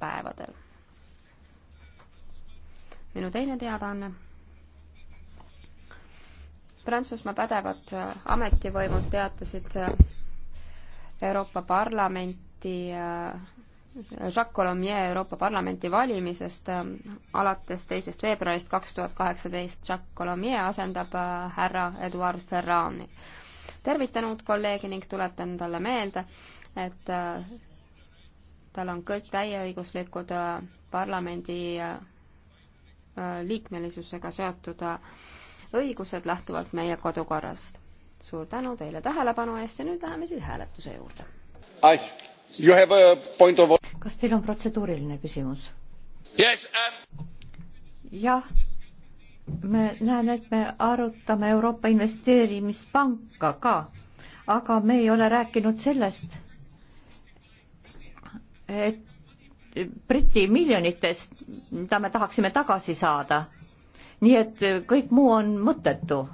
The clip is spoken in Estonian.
lähipäevadel. minu teine teadaanne. Prantsusmaa pädevad ametivõimud teatasid Euroopa Parlamenti Jacques Colomier Euroopa Parlamenti valimisest alates teisest veebruarist kaks tuhat kaheksateist. Jacques Colomier asendab härra Eduard Ferrani. tervitan uut kolleegi ning tuletan talle meelde, et tal on kõik täieõiguslikud äh, parlamendi äh, liikmelisusega seotud äh, õigused lähtuvalt meie kodukorrast. suur tänu teile tähelepanu eest ja nüüd läheme siis hääletuse juurde. Of... kas teil on protseduuriline küsimus yes, um...? jah, me näeme, et me arutame Euroopa Investeerimispanka ka, aga me ei ole rääkinud sellest et Briti miljonitest, mida me tahaksime tagasi saada. nii et kõik muu on mõttetu